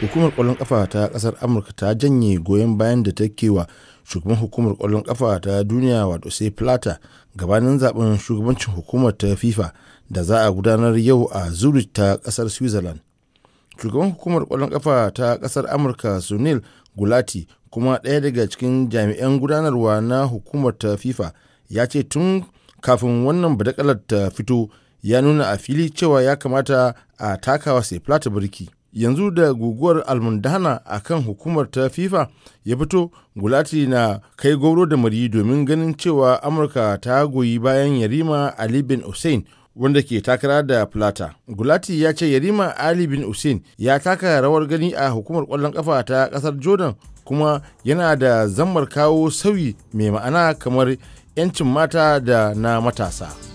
hukumar kwallon kafa ta kasar amurka ta janye goyon bayan da take wa shugaban hukumar kwallon kafa ta duniya wato sai plata gabanin zaben shugabancin hukumar ta fifa da za a gudanar yau a zurich ta kasar switzerland shugaban hukumar kwallon kafa ta kasar amurka sunil gulati kuma ɗaya daga cikin jami'an gudanarwa na hukumar ta fifa ya ce tun kafin wannan badakalar ta fito ya nuna a fili cewa ya kamata a takawa sai plata birki yanzu da guguwar almundana a kan hukumar ta fifa ya fito gulati na kai goro da mari domin ganin cewa amurka ta goyi bayan yarima ali bin hussein wanda ke takara da plata gulati ya ce yarima ali bin hussein ya taka rawar gani a hukumar kwallon kafa ta kasar jordan kuma yana da zammar kawo sauyi mai ma'ana kamar 'yancin mata da na matasa.